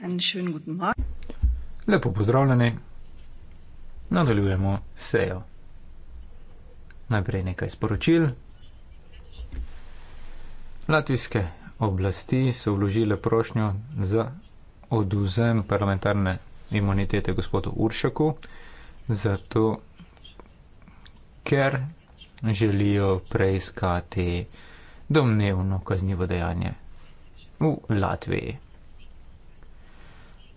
question. Lepo pozdravljeni. Nadaljujemo sejo. Najprej nekaj sporočil. Latvijske oblasti so vložile prošnjo za oduzem parlamentarne imunitete gospodu Uršaku, zato ker želijo preiskati domnevno kaznivo dejanje v Latviji.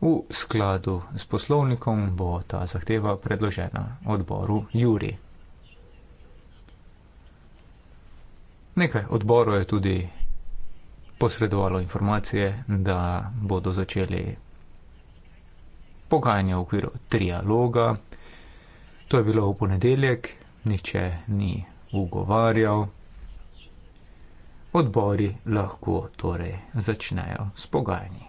V skladu s poslovnikom bo ta zahteva predložena odboru Juri. Nekaj odborov je tudi posredovalo informacije, da bodo začeli pogajanje v okviru trialoga. To je bilo v ponedeljek, nihče ni ugovarjal. Odbori lahko torej začnejo s pogajanji.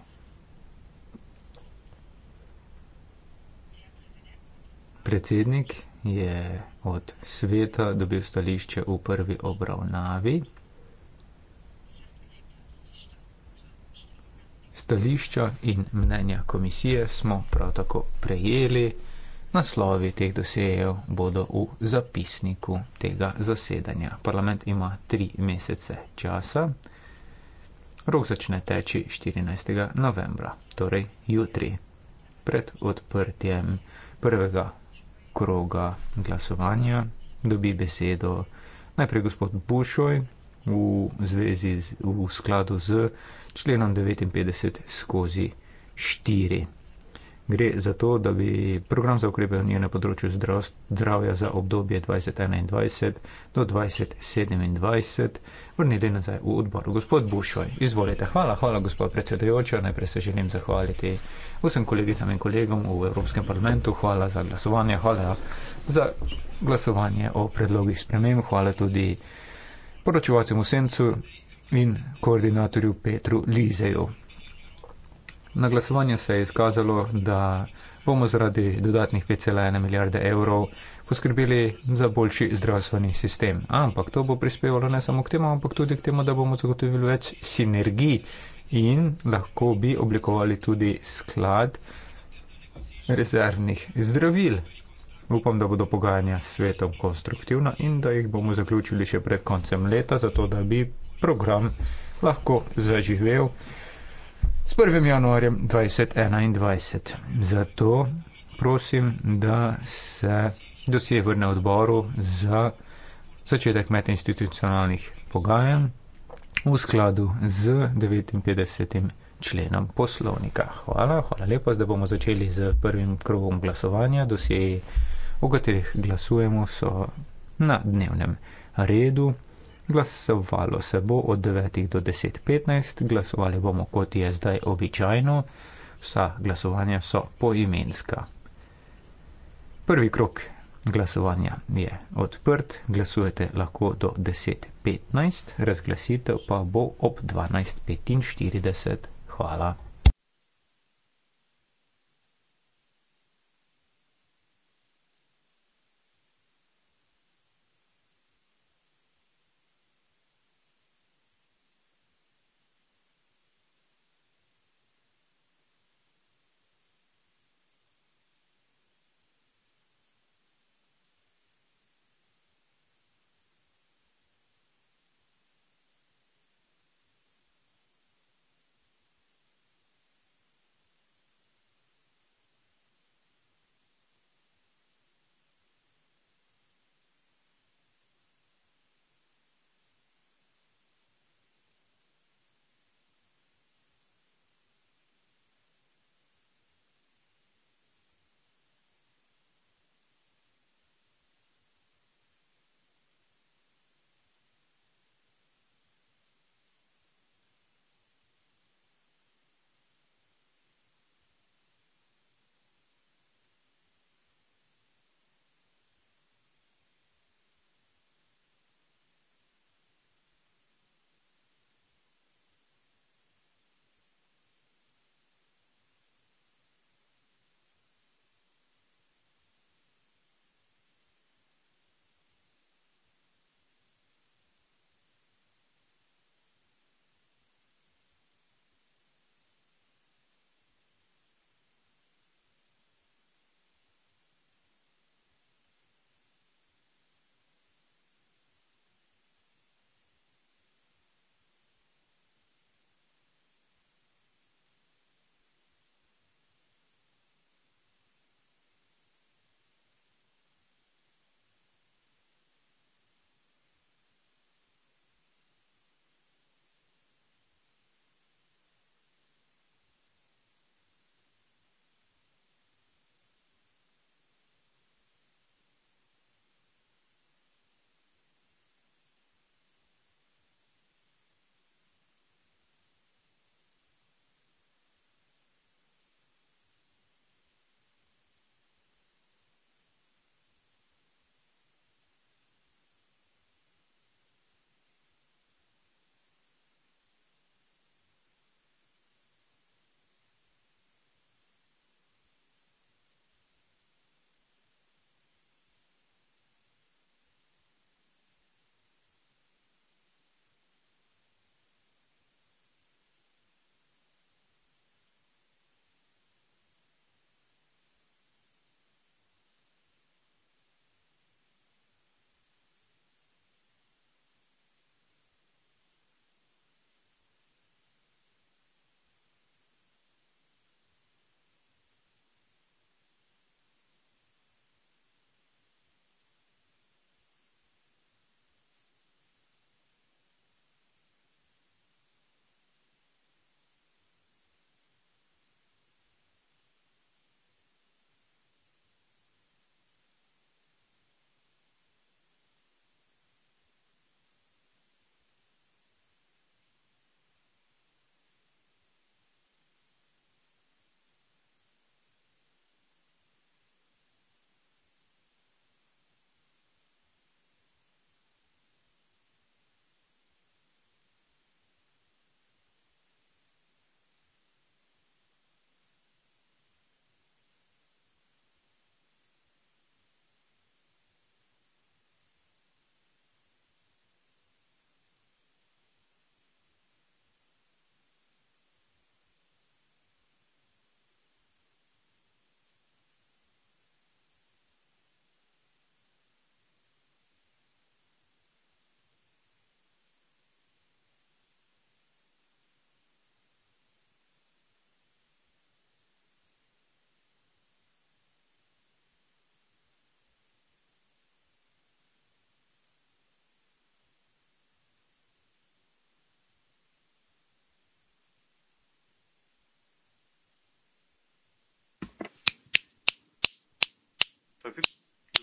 Predsednik je od sveta dobil stališče v prvi obravnavi. Stališča in mnenja komisije smo prav tako prejeli. Naslovi teh dosejev bodo v zapisniku tega zasedanja. Parlament ima tri mesece časa. Rok začne teči 14. novembra, torej jutri, pred odprtjem prvega kroga glasovanja. Dobi besedo najprej gospod Bušoj v zvezi z, v skladu z členom 59 skozi 4. Gre za to, da bi program za ukrepanje na področju zdravja za obdobje 2021 do 2027 vrnili nazaj v odbor. Gospod Bušoj, izvolite. Hvala, hvala, gospod predsedajoča. Najprej se želim zahvaliti vsem kolegicam in kolegom v Evropskem parlamentu. Hvala za glasovanje, hvala za glasovanje o predlogih sprememb. Hvala tudi poročevalcem v Sencu in koordinatorju Petru Lizeju. Na glasovanju se je izkazalo, da bomo zaradi dodatnih 5,1 milijarde evrov poskrbeli za boljši zdravstveni sistem. Ampak to bo prispevalo ne samo k temu, ampak tudi k temu, da bomo zagotovili več sinergij in lahko bi oblikovali tudi sklad rezervnih zdravil. Upam, da bodo pogajanja s svetom konstruktivna in da jih bomo zaključili še pred koncem leta, zato da bi program lahko zaživel s 1. januarjem 2021. Zato prosim, da se dosije vrne odboru za začetek medinstitucionalnih pogajanj v skladu z 59. členom poslovnika. Hvala, hvala lepa, da bomo začeli z prvim krogom glasovanja. Dosije, o katerih glasujemo, so na dnevnem redu glasovalo se bo od 9 do 10.15, glasovali bomo kot je zdaj običajno, vsa glasovanja so poimenska. Prvi krok glasovanja je odprt, glasujete lahko do 10.15, razglasitev pa bo ob 12.45. Hvala.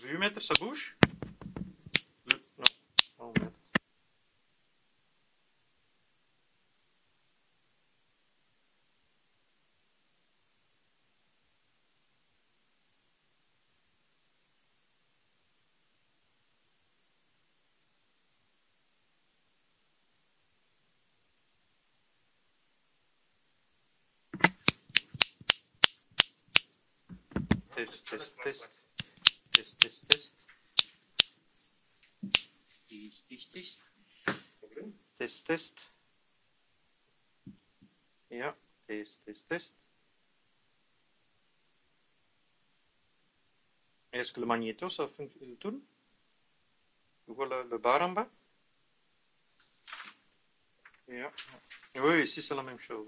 8 mètres, ça bouge le... Non, oh merde. Test, test, test test, test, test. Tišt, tišt, tišt. Test, test. Ja, test, test, test. Est-ce que le magnéto, ça fonctionne, tourne eh, Voilà le bar en bas. Yeah. Oui, ici c'est la même chose.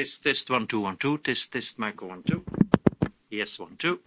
Test, test, one, two, one, two. Test, test, mic, one, two. Yes, one, two.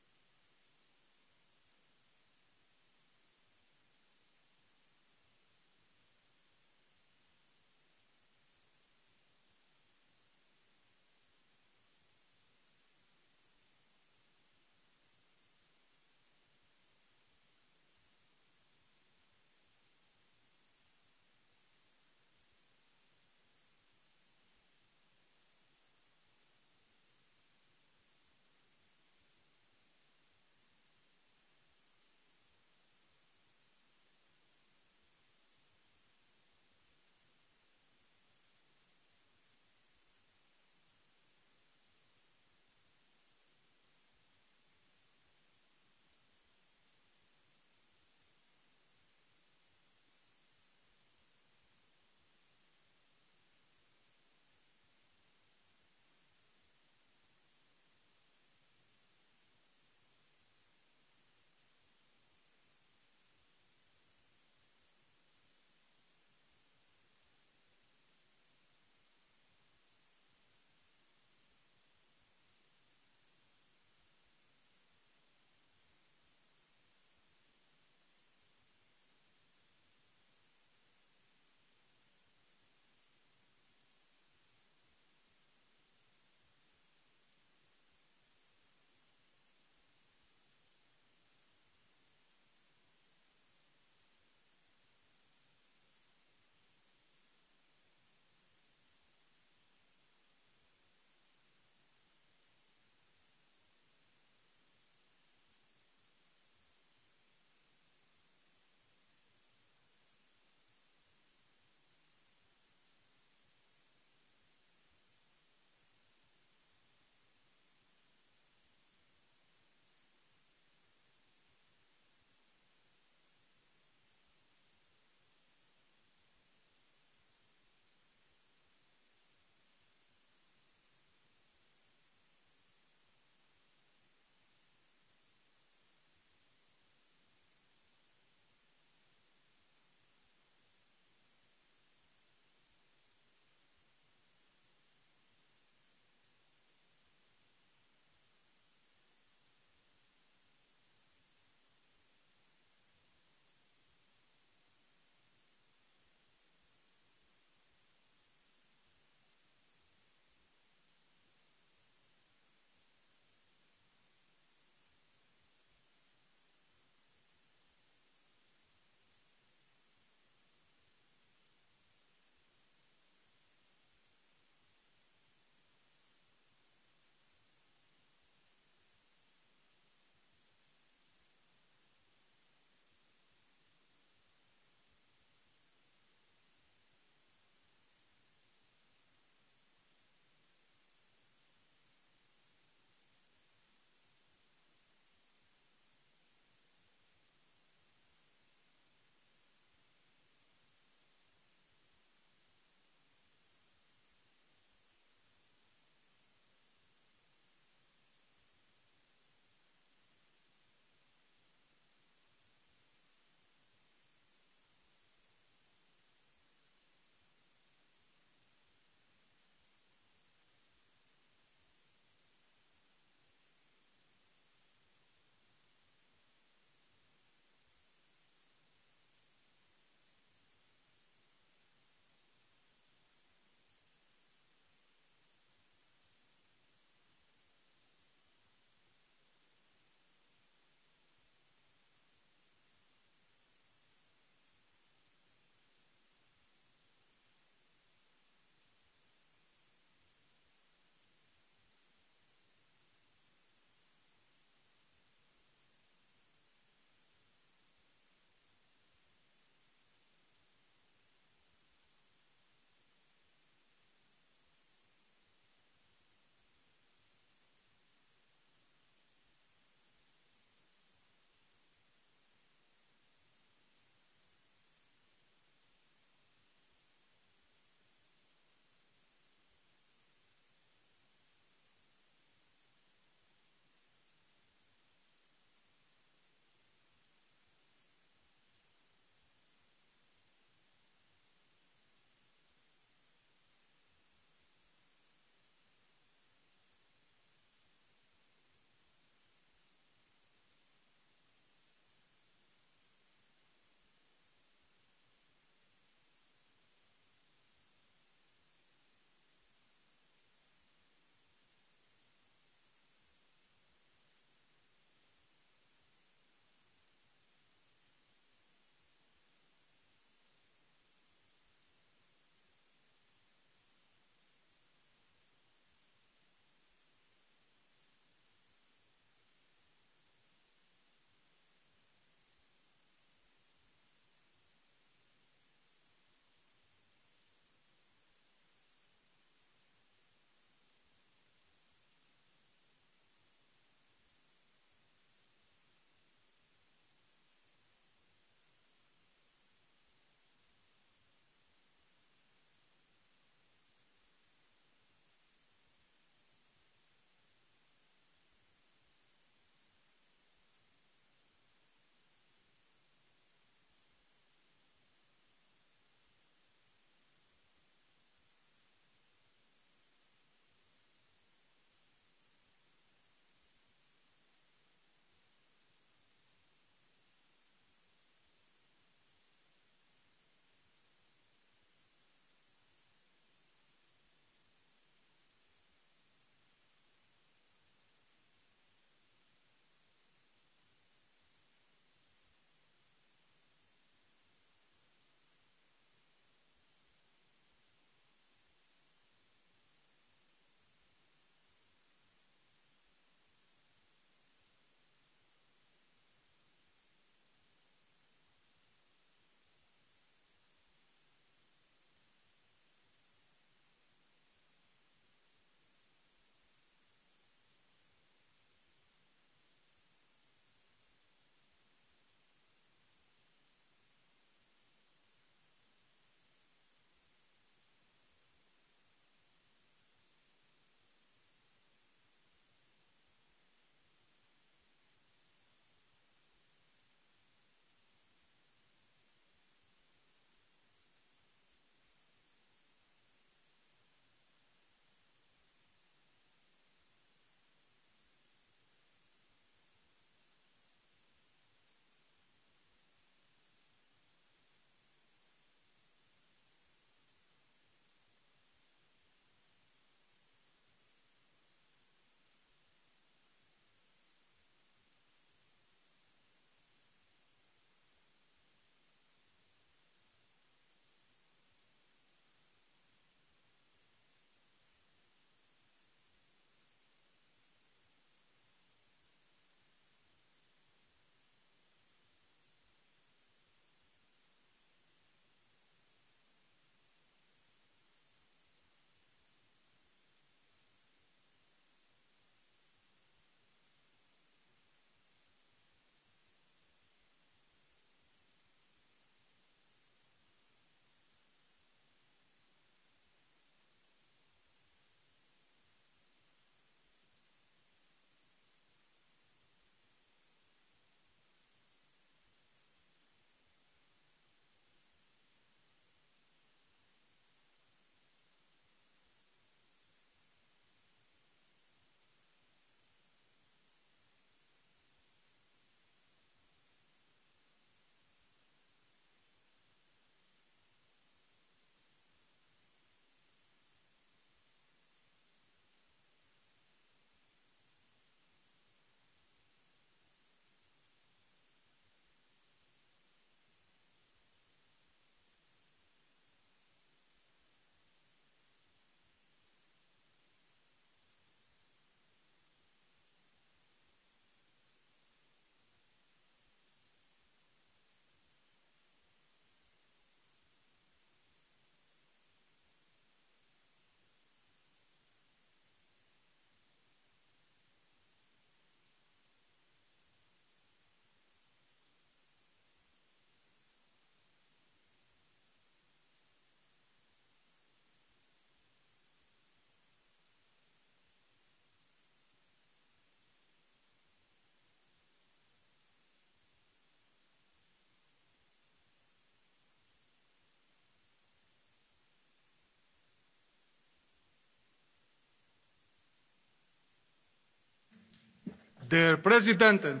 Der Präsidenten.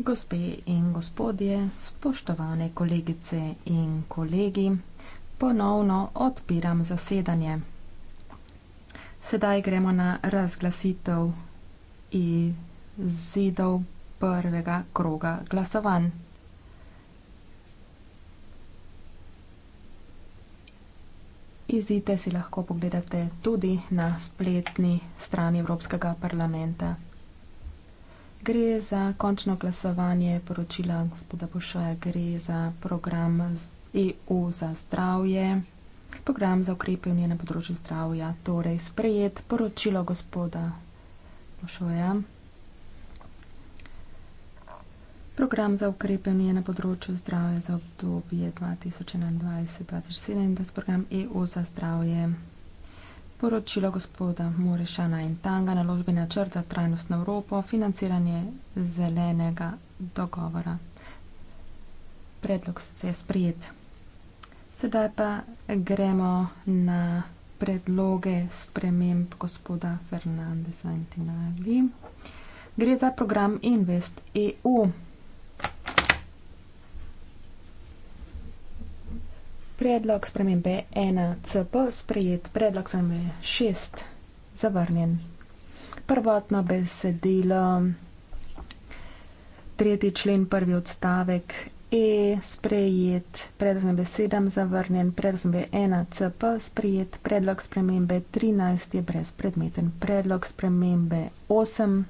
Gospe in gospodje, spoštovane kolegice in kolegi, ponovno odpiram zasedanje. Sedaj gremo na razglasitev in zidov prvega kroga glasovanj. Izite si lahko pogledate tudi na spletni strani Evropskega parlamenta. Gre za končno glasovanje poročila gospoda Bošoja, gre za program EU za zdravje, program za ukrepenje na področju zdravja, torej sprejet poročilo gospoda Bošoja. Program za ukrepanje na področju zdravja za obdobje 2021-2027, program EU za zdravje. Poročilo gospoda Morešana in Tanga, naložbeni načrt za trajnostno Evropo, financiranje zelenega dogovora. Predlog se je sprijet. Sedaj pa gremo na predloge sprememb gospoda Fernandeza in Tinali. Gre za program Invest EU. predlog spremembe 1CP sprejet, predlog spremembe 6 zavrnjen. Prvotno besedilo, tretji člen, prvi odstavek E sprejet, predlog spremembe 7 zavrnjen, predlog spremembe 1CP sprejet, predlog spremembe 13 je brezpredmeten, predlog spremembe 8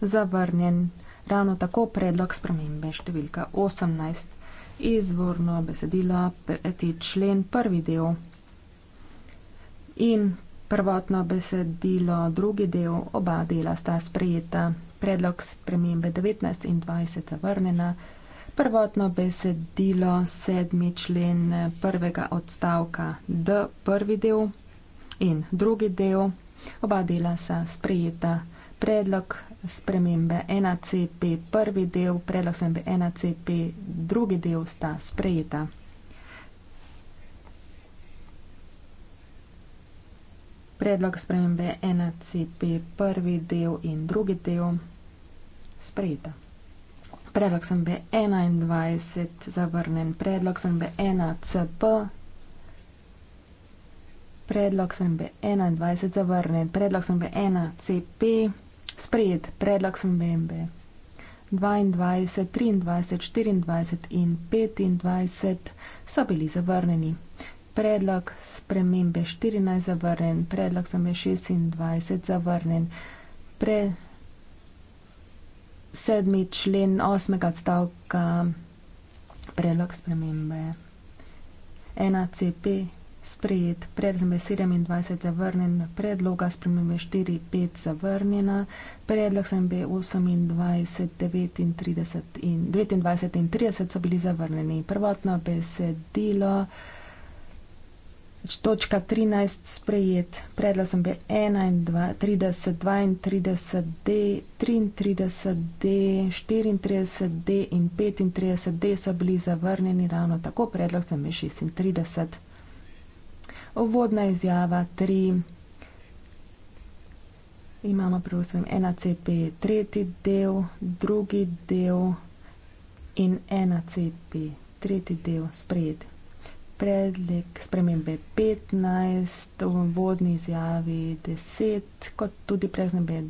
zavrnjen, ravno tako predlog spremembe številka 18 izvorno besedilo, peti člen, prvi del in prvotno besedilo, drugi del, oba dela sta sprejeta, predlog spremembe 19 in 20 zavrnjena, prvotno besedilo, sedmi člen prvega odstavka, d, prvi del in drugi del, oba dela sta sprejeta, predlog spremembe. NACP prvi del, predlog sem bi NACP drugi del sta sprejeta. Predlog spremembe NACP prvi del in drugi del sprejeta. Predlog sem bi 21 zavrnen. Predlog sem bi 1CP. Predlog sem bi 21 zavrnen. Predlog sem bi 1CP sprejet predlog spremembe 22, 23, 24 in 25 so bili zavrnjeni. Predlog spremembe 14 zavrnen, predlog spremembe 26 zavrnen, pre sedmi člen osmega odstavka predlog spremembe 1CP sprejet, predlog 27 zavrnjen, predloga spremembe 4.5 zavrnjena, predlog SMB 28, 39 in, 29 in 30 so bili zavrnjeni. Prvotno besedilo točka 13 sprejet, predlog SMB 31, 32, 32D, 33D, 34D in 35D so bili zavrnjeni ravno tako, predlog SMB 36. Uvodna izjava 3. Imamo prosim NACP tretji del, drugi del in NACP tretji del spred. Predlik spremembe 15, v vodni izjavi 10, kot tudi spremembe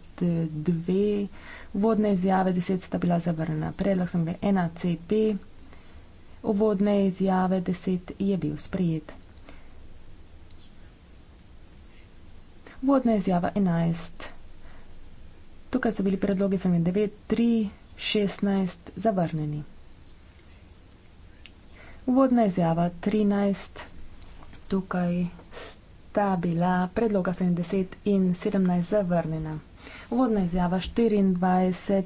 2, vodne izjave 10 sta bila zavrnjena. Predlog sem v NACP, vodne izjave 10 je bil sprejet. Vodna izjava 11. Tukaj so bili predlogi sami 9, 3, 16 zavrnjeni. Vodna izjava 13. Tukaj sta bila predloga 70 in 17 zavrnjena. Vodna izjava 24.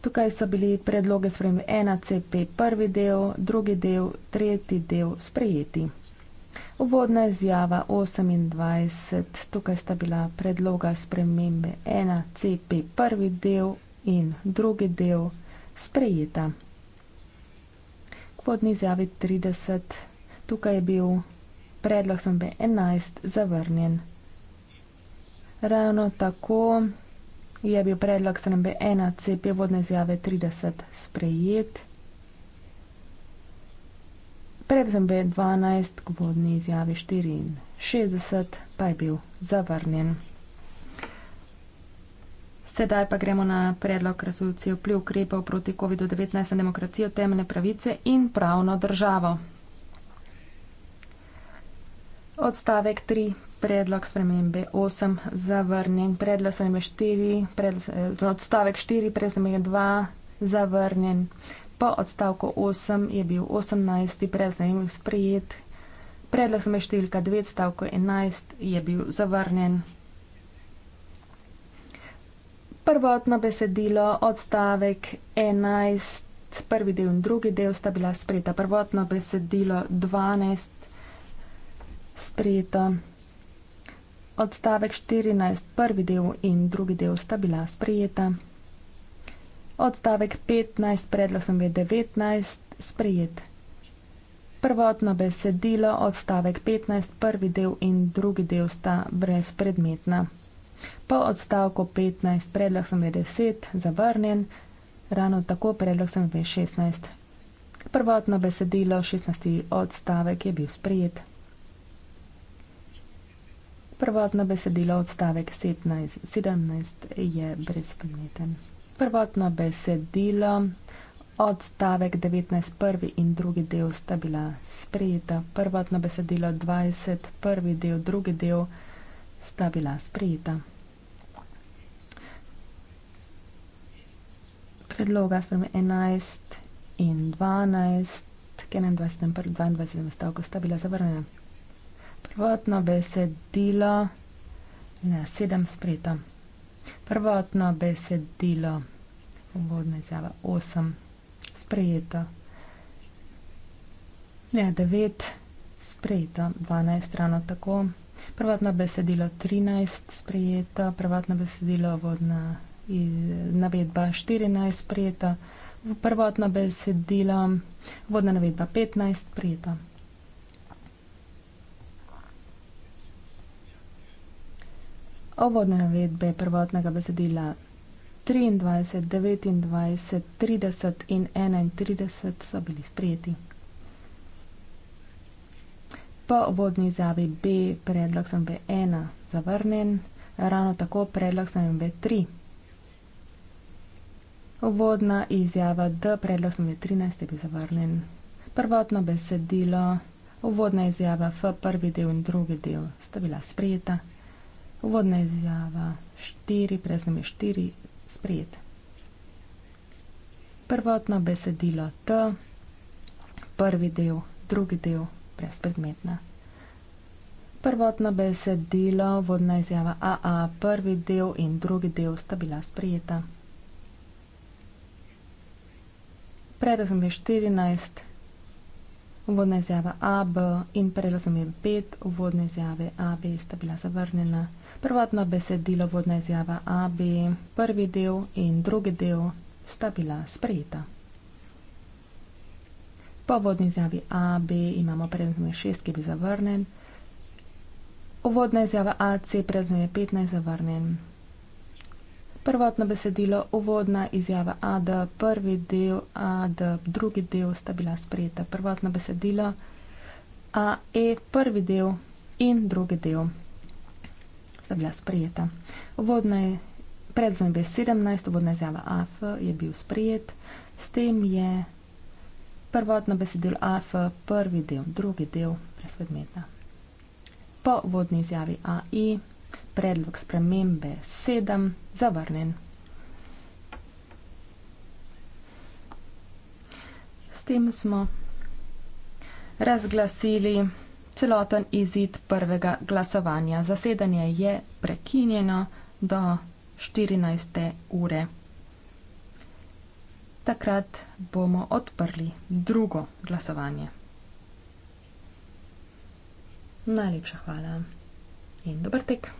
Tukaj so bili predloge sprejemljene 1CP prvi del, drugi del, tretji del sprejeti. Uvodna izjava 28, tukaj sta bila predloga spremembe 1, CP prvi del in drugi del sprejeta. Kvodni izjavi 30, tukaj je bil predlog sem B11 zavrnjen. Ravno tako je bil predlog sem B1, CP vodne izjave 30 sprejet. Predtem B12, ko bo dne izjavi 64, pa je bil zavrnjen. Sedaj pa gremo na predlog resolucije vpliv ukrepov proti COVID-19 na demokracijo, temeljne pravice in pravno državo. Odstavek 3, predlog spremembe 8, zavrnjen, predlog spremembe 4, predlog, odstavek 4, predlog spremembe 2, zavrnjen, Po odstavku 8 je bil 18. prevzem sprejet. Predlog za številka 2 odstavku 11 je bil zavrnjen. Prvotno besedilo odstavek 11, prvi del in drugi del sta bila sprejeta. Prvotno besedilo 12 sprejeto. Odstavek 14, prvi del in drugi del sta bila sprejeta odstavek 15, predlog sem je 19, sprejet. Prvotno besedilo, odstavek 15, prvi del in drugi del sta brezpredmetna. Po odstavku 15, predlog sem je 10, zavrnjen, rano tako predlog sem je 16. Prvotno besedilo, 16. odstavek je bil sprejet. Prvotno besedilo odstavek 17 je brezpredmeten prvotno besedilo, odstavek 19, prvi in drugi del sta bila sprejeta, prvotno besedilo 20, prvi del, drugi del sta bila sprejeta. Predloga sprem 11 in 12, k 21. in 22. stavku sta bila zavrnjena. Prvotno besedilo 7 sprejeta. Prvotno besedilo, uvodna izjava osem, sprejeto. Ne, ja, devet, sprejeto, dvanajst ravno tako. Prvotno besedilo trinajst, sprejeto. Prvotno besedilo, uvodna navedba štirinajst, sprejeto. Prvotno besedilo, uvodna navedba petnajst, sprejeto. Ovodne navedbe prvotnega besedila 23, 29, 30 in 31 so bili sprijeti. Po ovodni izjavi B predlog sem B1 zavrnen, ravno tako predlog sem B3. Ovodna izjava D predlog sem B13 je bil zavrnen. Prvotno besedilo, ovodna izjava F prvi del in drugi del sta bila sprijeta. Uvodna izjava štiri, preznam je štiri, sprejet. Prvotno besedilo T, prvi del, drugi del, brezpredmetna. Prvotno besedilo, vodna izjava AA, prvi del in drugi del sta bila sprejeta. Prerazum je 14, vodna izjava AB in prerazum je 5, vodne izjave AB sta bila zavrnjena. Prvotno besedilo vodna izjava AB, prvi del in drugi del sta bila sprejeta. Po vodni izjavi AB imamo predmet 6, ki je bil zavrnen. Uvodna izjava AC predmet 15 zavrnen. Prvotno besedilo uvodna izjava AD, prvi del AD, drugi del sta bila sprejeta. Prvotno besedilo AE, prvi del in drugi del bila sprejeta. Predzvon B17, uvodna izjava AF je bil sprejet, s tem je prvotno besedilo AF prvi del, drugi del presvedmeta. Po uvodni izjavi AI predlog spremembe 7 zavrnen. S tem smo razglasili predlog celoten izid prvega glasovanja. Zasedanje je prekinjeno do 14. ure. Takrat bomo odprli drugo glasovanje. Najlepša hvala in dober tek.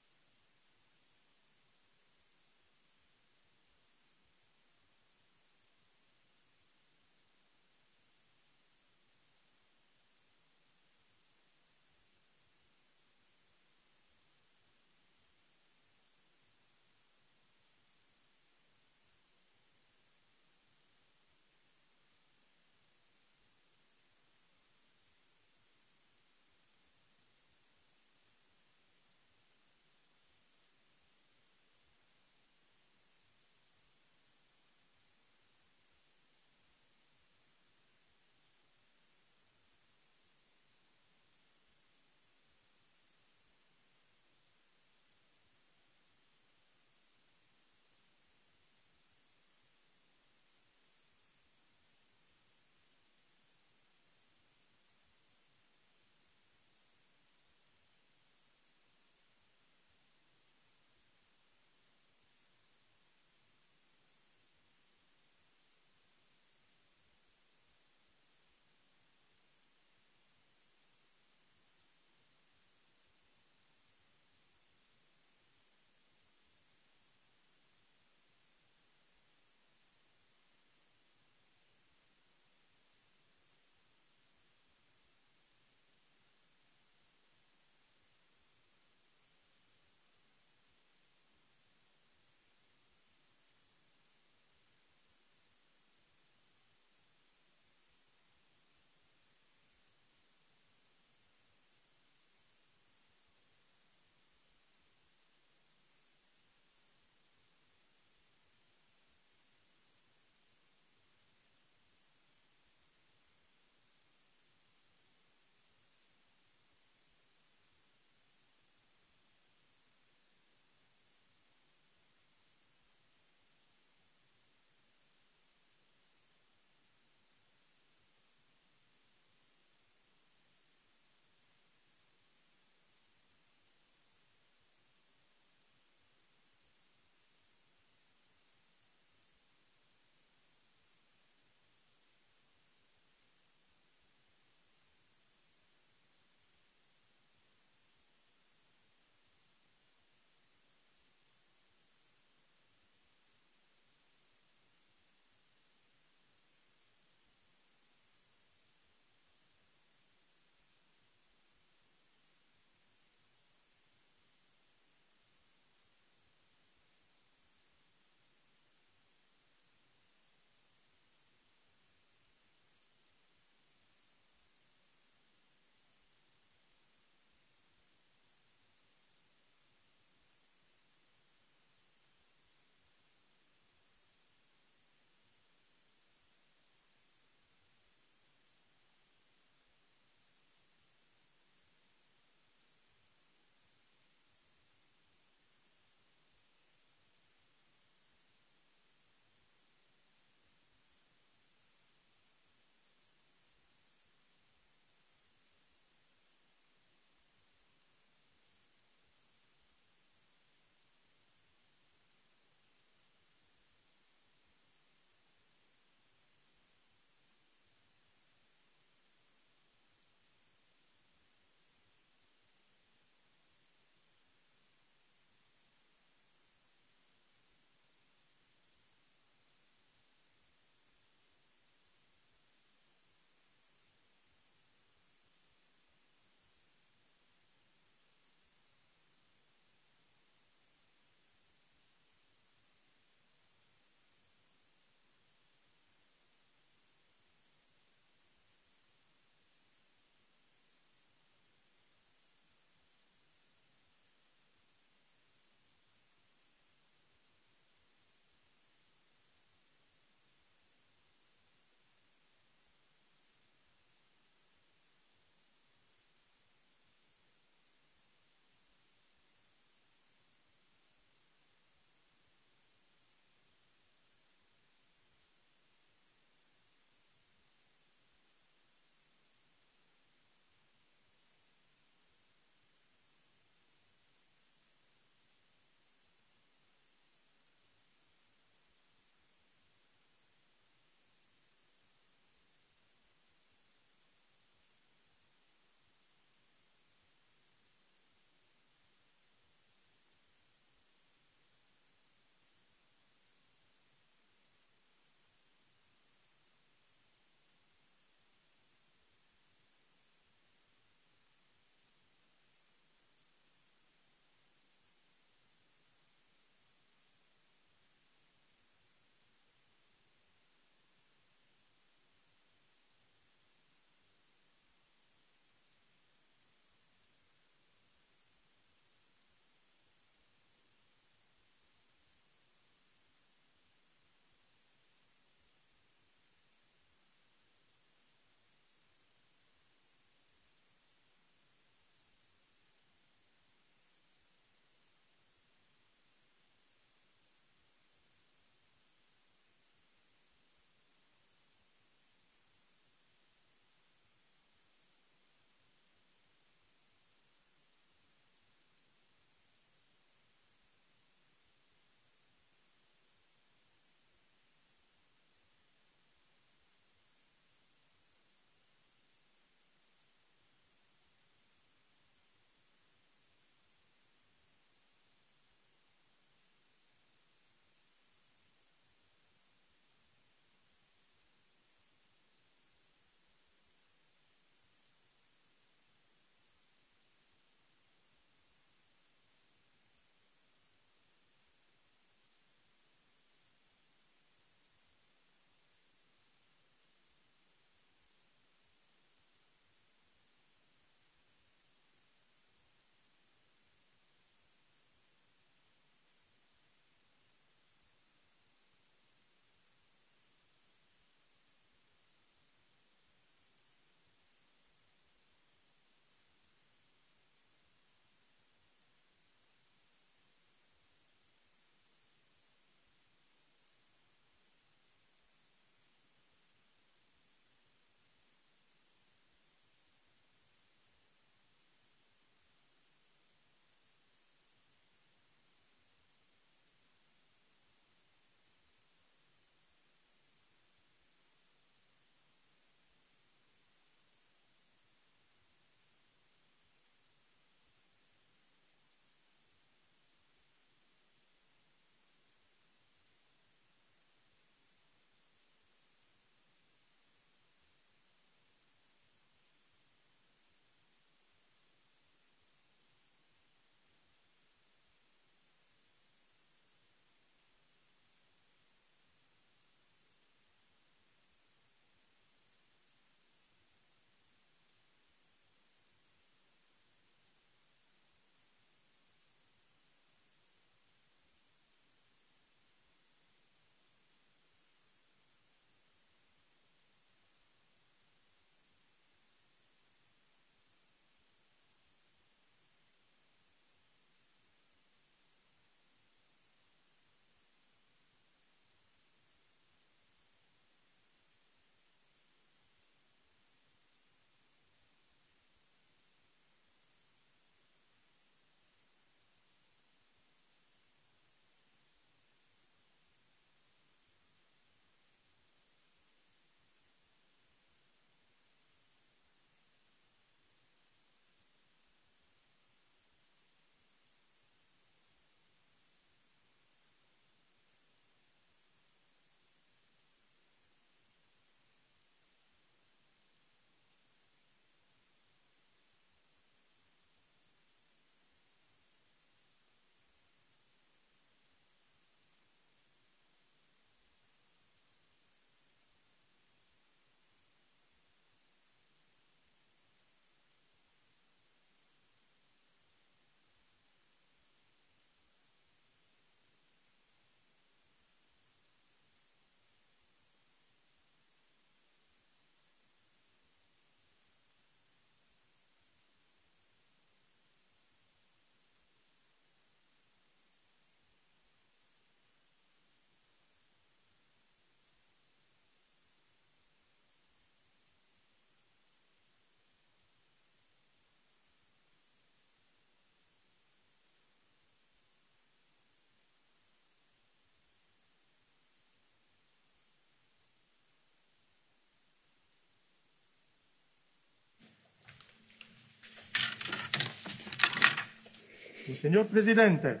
Signor Presidente,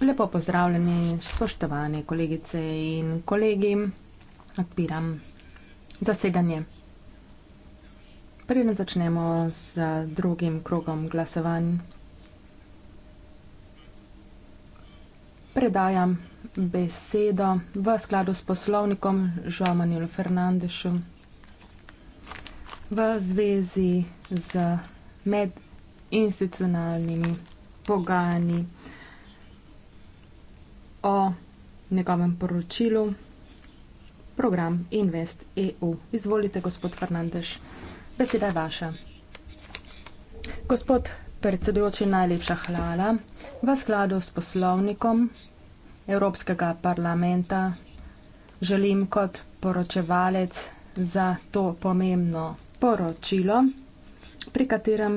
Lepo pozdravljeni, spoštovane kolegice in kolegi. Odpiram zasedanje. Preden začnemo z drugim krogom glasovanj, predajam besedo v skladu s poslovnikom Joao Manuel Fernandešu v zvezi z medinstitucionalnimi pogajanji o njegovem poročilu program Invest EU. Izvolite, gospod Fernandeš, beseda je vaša. Gospod predsedujoči, najlepša hvala. V skladu s poslovnikom Evropskega parlamenta želim kot poročevalec za to pomembno poročilo, pri katerem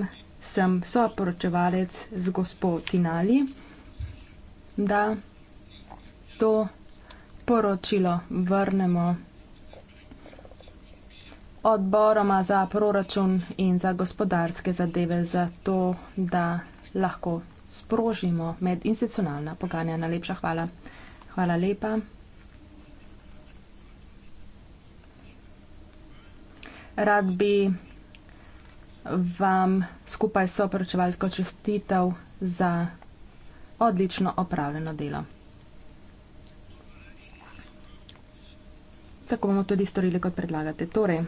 sem soporočevalec z gospod Tinali, da to poročilo vrnemo odboroma za proračun in za gospodarske zadeve, zato da lahko sprožimo medinstitucionalna pogajanja. Najlepša hvala. Hvala lepa. Rad bi vam skupaj s opračevalko čestitev za odlično opravljeno delo. Tako bomo tudi storili, kot predlagate. Torej,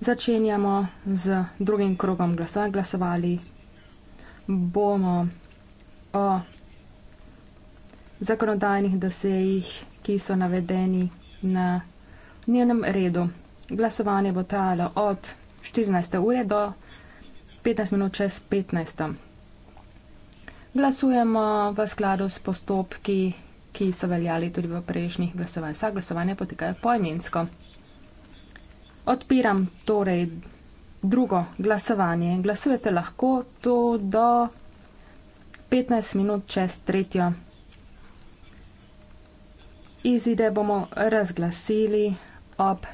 začenjamo z drugim krogom glasovanja. Glasovali bomo o zakonodajnih dosejih, ki so navedeni na njenem redu. Glasovanje bo trajalo od 14. ure do 15 minut čez 15. Glasujemo v skladu s postopki, ki so veljali tudi v prejšnjih glasovanjih. Vsa glasovanja potekajo poimensko. Odpiram torej Drugo, glasovanje. Glasujete lahko to do 15 minut čez tretjo. Izide bomo razglasili ob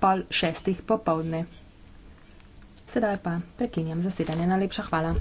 pol šestih popovdne. Sedaj pa prekinjam zasedanje. Najlepša hvala.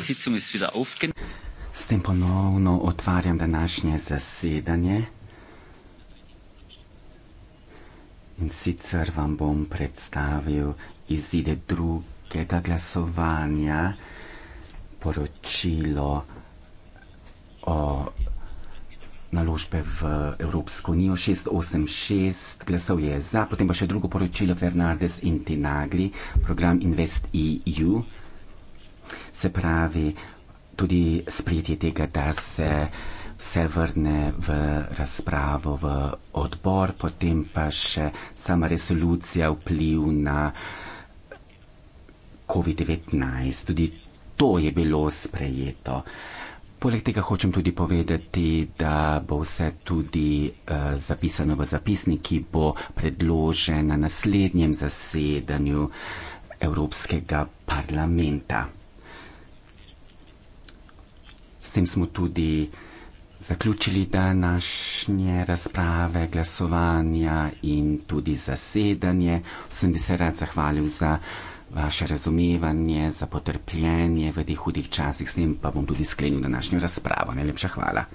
Poslovnik. S tem ponovno otvarjam današnje zasedanje. In sicer vam bom predstavil izide drugega glasovanja, poročilo o naložbe v Evropsko unijo 686 glasov je za, potem pa še drugo poročilo Fernandez in Tinagli, program Invest EU. Se pravi, tudi sprejetje tega, da se vse vrne v razpravo v odbor, potem pa še sama resolucija vpliv na COVID-19. Tudi to je bilo sprejeto. Poleg tega hočem tudi povedati, da bo vse tudi uh, zapisano v zapisnik, ki bo predložen na naslednjem zasedanju Evropskega parlamenta. S tem smo tudi zaključili današnje razprave, glasovanja in tudi zasedanje. Vsem bi se rad zahvalil za vaše razumevanje za potrpljenje v teh hudih časih. S tem pa bom tudi sklenil današnjo razpravo. Najlepša hvala.